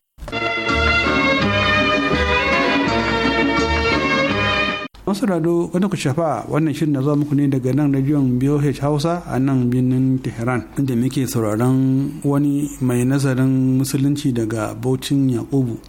Speaker 4: an rado wani ku shafa
Speaker 13: wannan shirin na zuwa muku ne daga nan rajiyon boh hausa a nan birnin tehran inda muke sauraron wani mai nazarin musulunci daga Bautin yakubu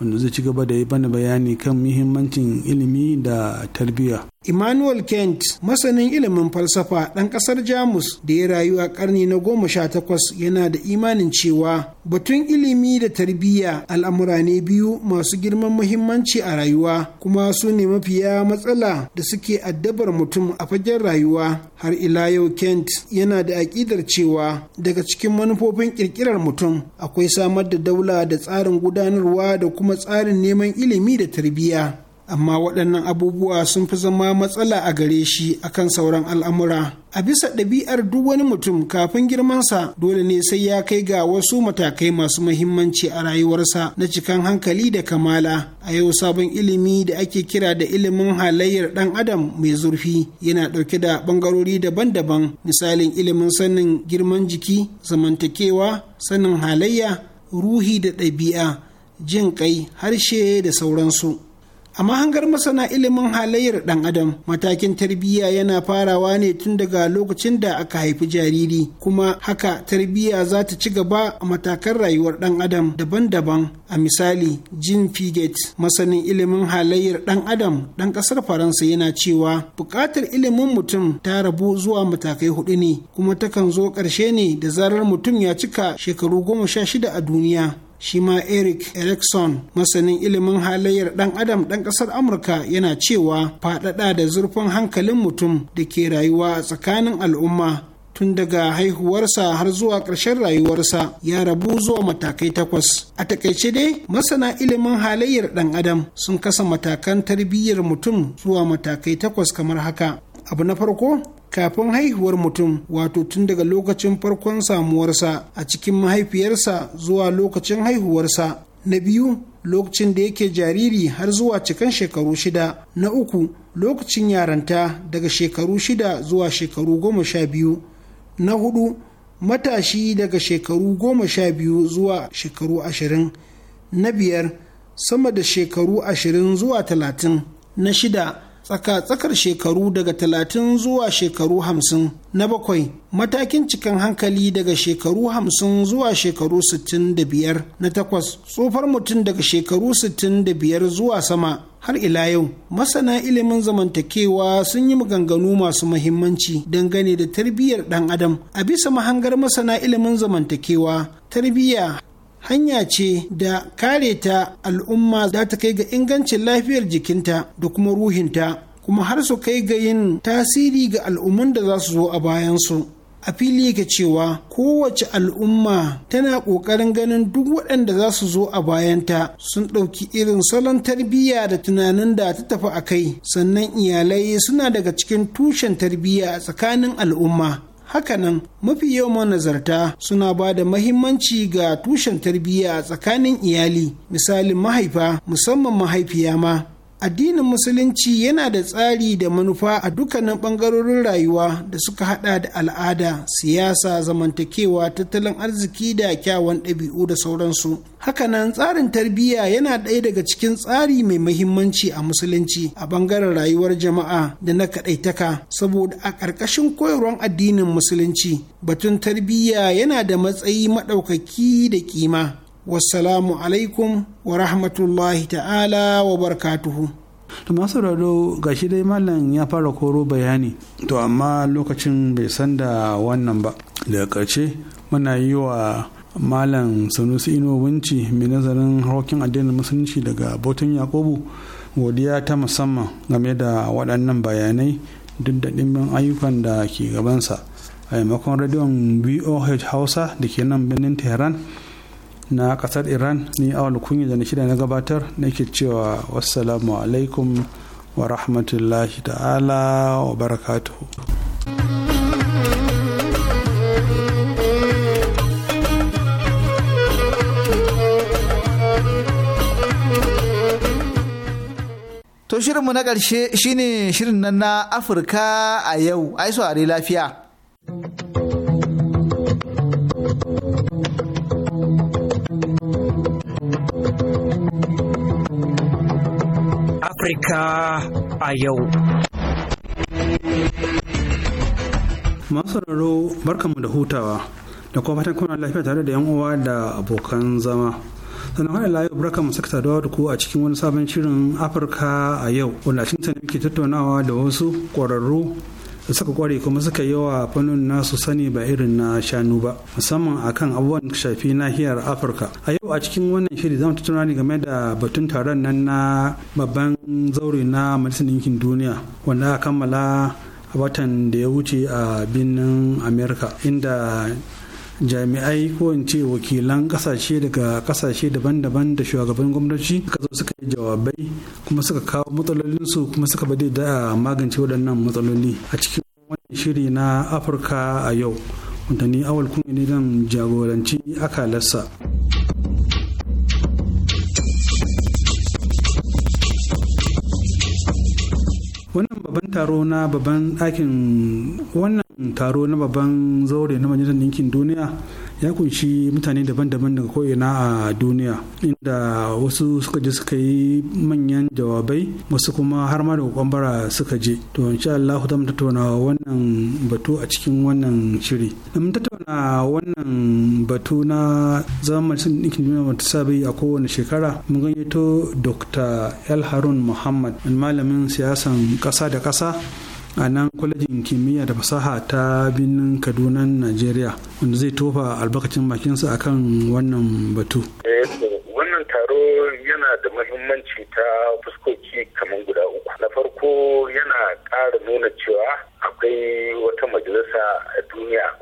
Speaker 13: wanda zai ci gaba da yi bana bayani kan muhimmancin ilimi da tarbiyya
Speaker 4: Immanuel Kent, masanin ilimin falsafa ɗan ƙasar Jamus da ya rayu a ƙarni na goma sha takwas yana da imanin cewa batun ilimi da tarbiyya al'amura ne biyu masu girman muhimmanci a rayuwa kuma su ne mafiya matsala da suke addabar mutum a fagen rayuwa. Har ila yau Kent yana da aƙidar cewa daga cikin manufofin ƙirƙirar mutum akwai samar da daula da tsarin gudanarwa da kuma tsarin neman ilimi da tarbiyya. amma waɗannan abubuwa sun fi zama matsala a gare shi akan sauran al'amura a bisa ɗabi'ar duk wani mutum kafin girmansa dole ne sai ya kai ga wasu matakai masu mahimmanci a rayuwarsa na cikan hankali da kamala a yau sabon ilimi da ake kira da ilimin halayyar ɗan adam mai zurfi yana ɗauke da ɓangarori daban-daban misalin ilimin sanin girman jiki zamantakewa sanin halayya ruhi da ɗabi'a jin kai harshe da sauransu A mahangar masana ilimin halayyar ɗan adam matakin tarbiyya yana farawa ne tun daga lokacin da aka haifi jariri kuma haka tarbiyya za ta ci gaba a matakan rayuwar ɗan adam daban-daban a misali Jean figet masanin ilimin halayyar ɗan adam ɗan ƙasar Faransa yana cewa buƙatar ilimin mutum ta rabu zuwa matakai hudu ne kuma takan zo ƙarshe ne da zarar mutum ya cika shekaru goma sha shida a duniya shi ma eric erickson masanin ilimin halayyar ɗan adam ɗan ƙasar amurka yana cewa faɗaɗa da zurfin hankalin mutum da ke rayuwa a tsakanin al'umma tun daga haihuwarsa har zuwa ƙarshen rayuwarsa ya rabu zuwa matakai takwas. A takaice dai masana ilimin halayyar ɗan adam sun kasa matakan tarbiyyar mutum zuwa matakai takwas kamar haka. Abu na farko kafin haihuwar mutum wato tun daga lokacin farkon samuwarsa a cikin mahaifiyarsa zuwa lokacin haihuwarsa na biyu lokacin da yake jariri har zuwa cikan shekaru shida na uku lokacin yaranta daga shekaru shida zuwa shekaru goma sha biyu na hudu matashi daga shekaru goma sha biyu zuwa shekaru ashirin na biyar sama da shekaru ashirin zuwa talatin na shida tsaka-tsakar shekaru daga talatin zuwa shekaru hamsin na bakwai matakin cikin hankali daga shekaru hamsin zuwa shekaru sittin da biyar na takwas tsofar mutum daga shekaru sittin da biyar zuwa sama har ila yau masana ilimin zamantakewa sun yi maganganu masu mahimmanci dangane da tarbiyyar ɗan adam a bisa mahangar masana ilimin zamantakewa tarbiyya hanya ce da kare ta al'umma za ta kai ga ingancin lafiyar jikinta da kuma ruhinta kuma har su kai ga yin tasiri ga al'umman da za su zo a bayansu a fili ga cewa kowace al'umma tana ƙoƙarin ganin duk waɗanda za su zo a bayanta sun ɗauki irin salon tarbiyya da tunanin da ta tafi a kai sannan iyalai suna daga cikin tushen tarbiyya a tsakanin al'umma hakanan mafi yawan nazarta suna ba da mahimmanci ga tushen tarbiyya a tsakanin iyali misalin mahaifa musamman mahaifiya ma addinin musulunci yana da tsari da manufa a dukkanin ɓangarorin rayuwa da suka hada da al'ada siyasa zamantakewa tattalin arziki da kyawun ɗabi'u da sauransu nan, tsarin tarbiyya yana ɗaya daga cikin tsari mai mahimmanci a musulunci a ɓangaren rayuwar jama'a da na kaɗaitaka saboda a ƙarƙashin koyarwar addinin musulunci batun tarbiyya yana da matsayi maɗaukaki da ƙima. wassalamu alaikum wa rahmatullahi ta'ala wa barkatuhu. to masu rado ga shi dai malam ya fara koro
Speaker 13: bayani to amma lokacin bai san da wannan ba daga ƙarshe muna yi wa malam sanusi ino mai nazarin harkokin addinin musulunci daga botin yakubu godiya ta musamman game da waɗannan bayanai duk da ɗimbin ayyukan da ke gabansa a maimakon radion boh hausa da ke nan birnin tehran na kasar iran ni awal kunya da na shida na gabatar nake cewa wassalamu alaikum wa rahmatullahi ta'ala wa barakatuhu
Speaker 1: To shirinmu na ƙarshe shine shirin nan na Afirka a yau, ai ari lafiya.
Speaker 6: Afirka a yau.
Speaker 13: Masu barkanmu da hutawa da kuma fatan kuna lafiya tare da yan uwa da abokan zama. sannan haɗa layu barka mu saka saduwa da ku a cikin wani sabon shirin afirka a yau wanda cikin tattaunawa da wasu ƙwararru da suka kware kuma suka yi wa fannin nasu sani ba irin na shanu ba musamman akan abubuwan shafi nahiyar afirka a yau a cikin wannan shiri zamu tattauna ne game da batun taron nan na babban zaure na majalisar ɗinkin duniya wanda aka kammala a watan da ya wuce a birnin america inda jami'ai ko in ce wakilan kasashe daga kasashe daban-daban da shugaban gwamnati suka zo suka yi jawabai kuma suka kawo matsalolinsu kuma suka bade da magance waɗannan matsaloli a cikin wani shiri na afirka a yau wanda ni awal kuma ne zan jagoranci akalarsa. wannan babban taro na babban ɗakin wannan taro na babban zaure na majalisar ɗinkin duniya ya kunshi mutane daban-daban daga ko'ina a duniya inda wasu suka je suka yi manyan jawabai wasu kuma har ma da kwambara suka je to insha Allah za mu tattauna wannan batu a cikin wannan shiri mun tattauna wannan batu na zaman sun dinkin duniya mata sabi a kowane shekara mun gayyato Dr. El Harun Muhammad malamin siyasan ƙasa da ƙasa a nan kwalejin kimiyya da fasaha ta birnin kaduna najeriya wanda zai tofa albarkacin bakinsa kan wannan batu
Speaker 14: eh, wannan taro yana da
Speaker 15: mahimmanci ta fuskoki kamar guda uku na farko yana ƙara nuna cewa akwai wata majalisa a duniya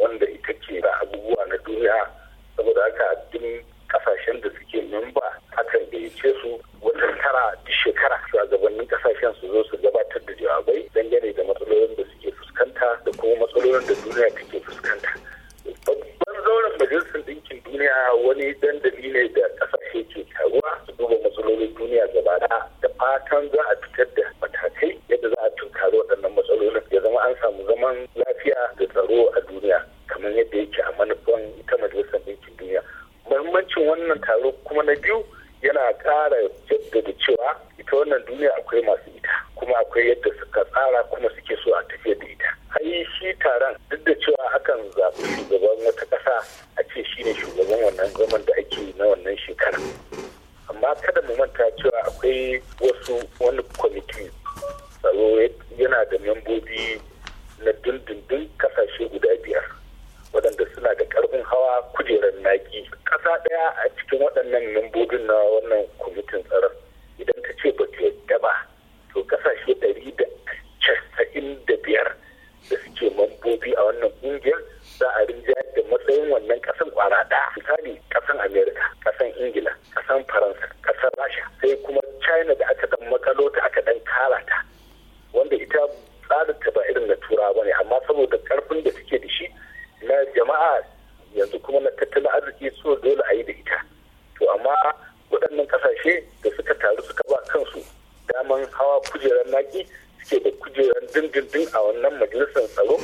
Speaker 15: dindindin a
Speaker 14: wannan majalisar tsaro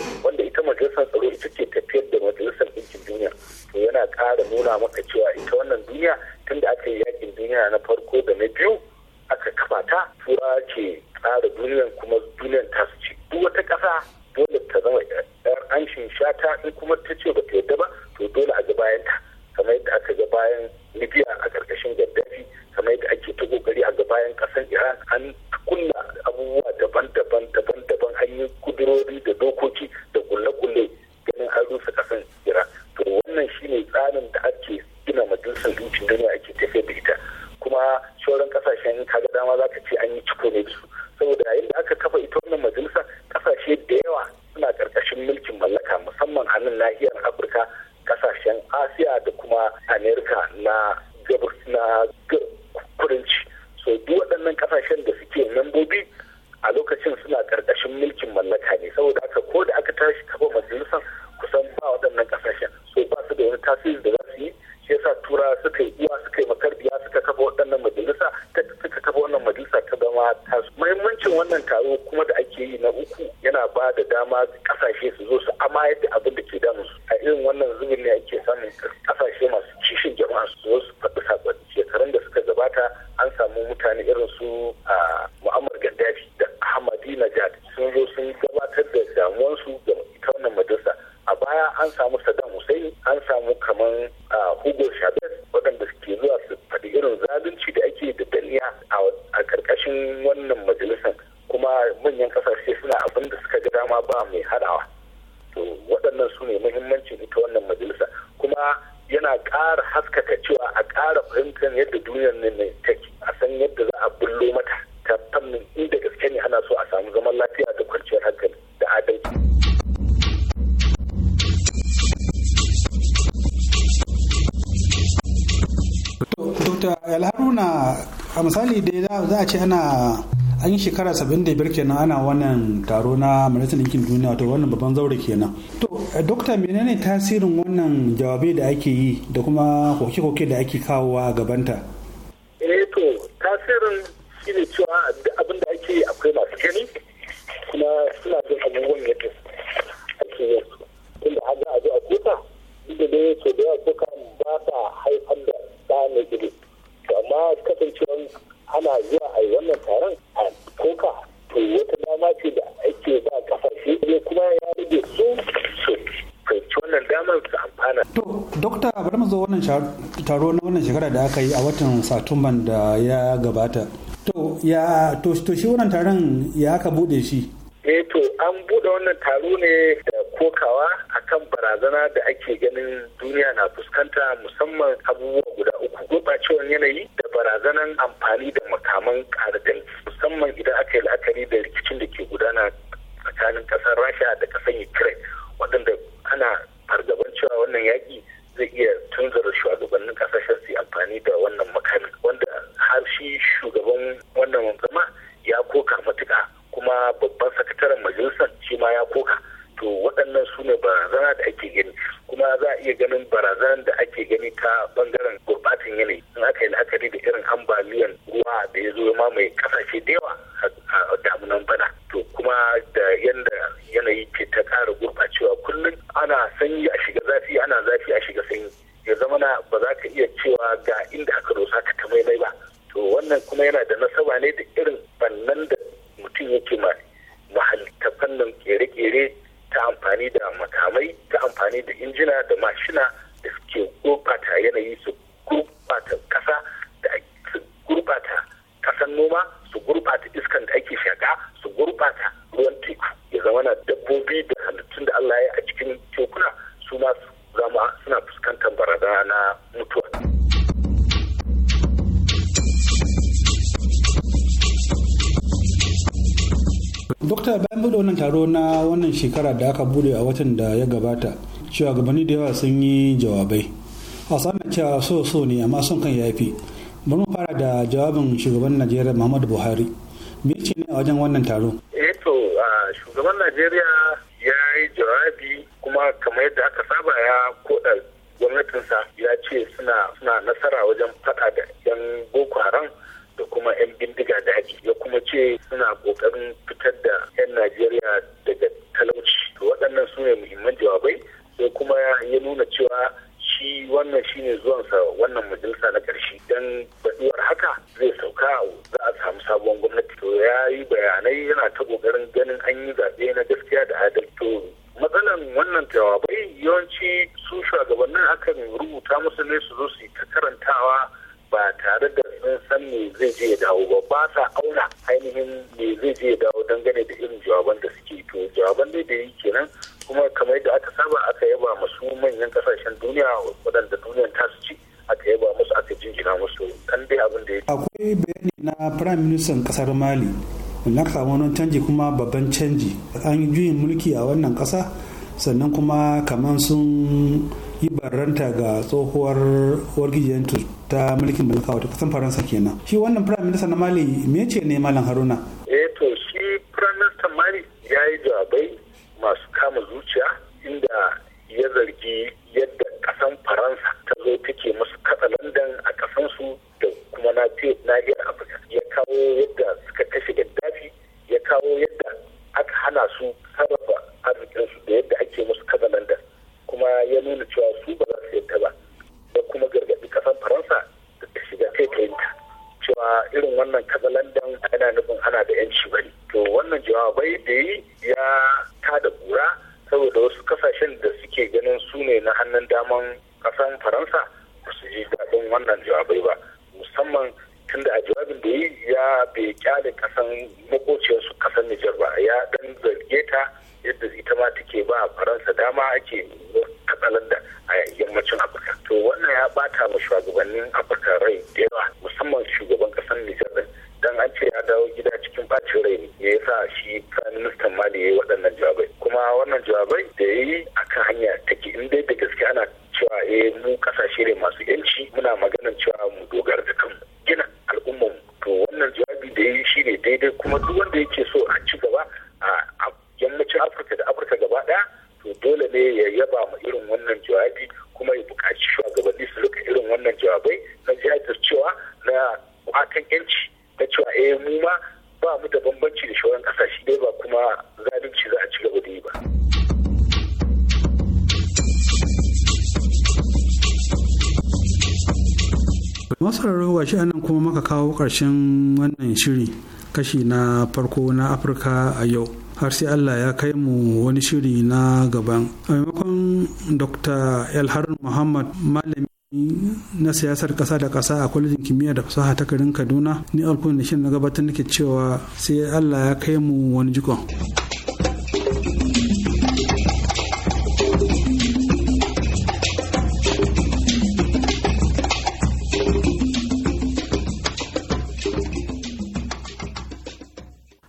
Speaker 15: kasashe suna abin da suka ga dama ba mai hadawa to waɗannan su ne muhimmanci ita wannan majalisa kuma yana ƙara haskaka cewa a ƙara fahimtar yadda duniyar ne mai take a san yadda za a bullo mata ta fannin inda gaske ne ana so a samu zaman lafiya da kwanciyar hankali da adalci.
Speaker 13: Dr. Alharuna a misali da za a ce ana an yi shekara 75 kenan ana wannan taro na majalisar ɗinkin duniya to wannan babban zaure kenan to eh, dokta menene tasirin wannan jawabai da ake yi da kuma koke-koke da ake kawowa a gabanta
Speaker 14: eh to tasirin
Speaker 15: shi ne cewa abin da ake yi akwai masu gani kuma suna jin abubuwan yadda ake yi tunda har za a zo a kuka inda dai so da yawa kuka ba ta haifar da ɗa mai amma kasancewar ana zuwa a yi wannan taron a koka to wata dama ce da ake ba kasashe ne kuma ya rage su su wannan damar su amfana. To,
Speaker 13: Dokta, bari mu zo wannan taro na wannan shekara da aka yi a watan Satumban da ya gabata. To, ya to, to shi wannan taron ya aka bude shi
Speaker 14: eh to an
Speaker 15: buɗe wannan taro ne da kokawa akan barazana da ake ganin duniya na fuskanta musamman abubuwa guda uku gurɓacewar yanayi da barazanan amfani da makaman ƙardan musamman idan aka yi la'akari da rikicin da ke gudana tsakanin ƙasar rasha da ƙasar ukraine waɗanda ana fargaban cewa wannan yaƙi zai iya tunzura shugabannin ƙasashen su amfani da wannan makamin wanda har shi shugaban wannan zama ya koka matuƙa kuma babban sakataren majalisar shi ma ya koka to waɗannan su ne barazana da ake gani kuma za a iya ganin barazanar da ake gani ta bangaren gurbatin yanayi in aka yi la'akari da irin ambaliyan ruwa da ya zo ya mamaye kasashe da yawa
Speaker 13: bude a watan da ya gabata cewa gabani da yawa sun yi jawabai a na cewa so so ne amma son kan yafi bari mu fara da jawabin shugaban najeriya muhammadu buhari me ce ne a wajen wannan taro
Speaker 15: jawaban da suke to jawaban da yi kenan kuma kamar yadda aka saba aka yaba masu manyan kasashen duniya waɗanda duniyar ta su ci aka yaba musu aka jinjina musu kan dai abin da ya
Speaker 13: akwai bayani na prime minister kasar mali na samu wani canji kuma babban canji an yi juyin mulki a wannan kasa sannan kuma kamar sun yi barranta ga tsohuwar wargijiyar ta mulkin mulkawa ta kasan faransa kenan shi wannan prime minister na mali me ne malam haruna
Speaker 15: bai na cewa na kwatan yanci na cewa eh mu ma ba mu da bambanci da shauran kasashe dai ba kuma zalunci za a ci gaba
Speaker 14: da yi ba.
Speaker 13: masararru shi anan kuma maka kawo ƙarshen wannan shiri kashi na farko na afirka a yau har sai Allah ya kai mu wani shiri na gaban a maimakon dr elharun muhammad malami na siyasar kasa da kasa a kwalejin kimiyya da fasaha ta garin kaduna ni alkun da shirin na gabatar nake cewa sai allah ya kai mu wani jikon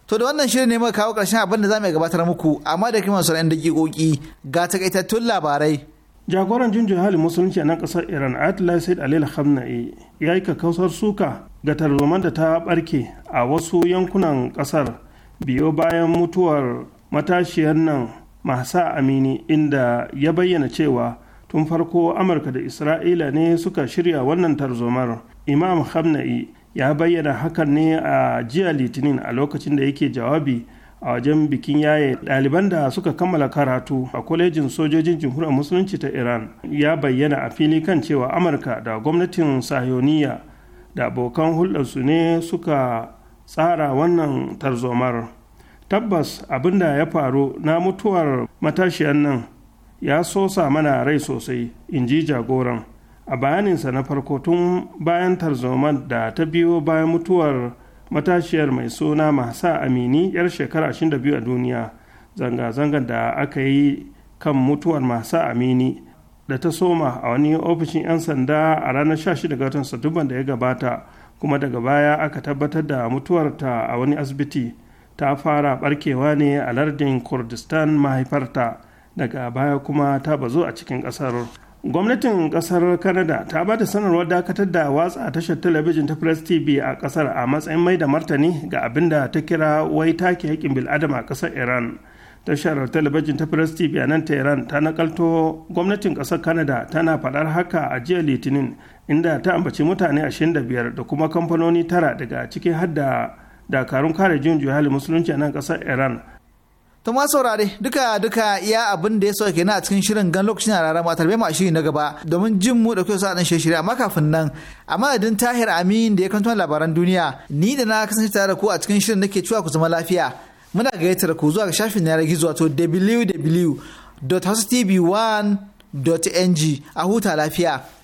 Speaker 1: To da wannan shirin ne muka kawo ƙarshen abin da za mu gabatar muku amma da kima sauran daƙiƙoƙi ga takaitattun labarai.
Speaker 3: jagoran jinjin halin musulunci a nan kasar iran ayatollah said alil khamna'i ya yi kakkausar suka ga tarzoman da ta barke a wasu yankunan kasar biyo bayan mutuwar matashiyar nan mahsa amini inda ya bayyana cewa tun farko amurka da isra'ila ne suka shirya wannan tarzomar imam khamna'i ya bayyana hakan ne a jiya litinin a lokacin da yake jawabi a wajen bikin yaye ɗaliban da suka kammala karatu a kwalejin sojojin jamhuriyar musulunci ta iran ya bayyana a fili kan cewa amurka da gwamnatin sahiyoniya da abokan hulɗarsu ne suka tsara wannan tarzomar tabbas abin da ya faru na mutuwar matashiyar nan ya sosa mana rai sosai in ji jagoran a bayaninsa na farko tun bayan tarzomar da ta biyo bayan mutuwar matashiyar mai suna mahsa amini yar shekara 22 a duniya zanga-zangar da aka yi kan mutuwar mahsa amini da ta soma a wani ofishin 'yan sanda a ranar 16 ga watan satumban da ya gabata kuma daga baya aka tabbatar da mutuwarta a wani asibiti ta fara barkewa ne a lardin kurdistan mahaifarta daga baya kuma ta bazo a cikin ƙasar. gwamnatin kasar canada ta ba da sanarwar dakatar da watsa tashar talabijin ta press tv a kasar a matsayin mai da martani ga abin da ta kira wai take yakin bil'adama a kasar iran tashar talabijin ta press tv a nan iran ta nakalto gwamnatin kasar canada tana faɗar haka a jiya litinin inda ta ambaci mutane 25 da kuma kamfanoni tara daga cikin hadda dakarun kare juyin juya musulunci a nan kasar iran To ma saurare
Speaker 1: duka duka ya abin da ya sauke na a cikin shirin gan lokacin a rarama tarbe ma na gaba domin jin mu da kyau sa'adin shirye amma kafin nan a madadin tahir amin da ya kanto labaran duniya ni da na kasance tare da ku a cikin shirin nake cewa ku zama lafiya muna gayyatar ku zuwa ga shafin yanar gizo wato wwwhostv 1ng a huta lafiya.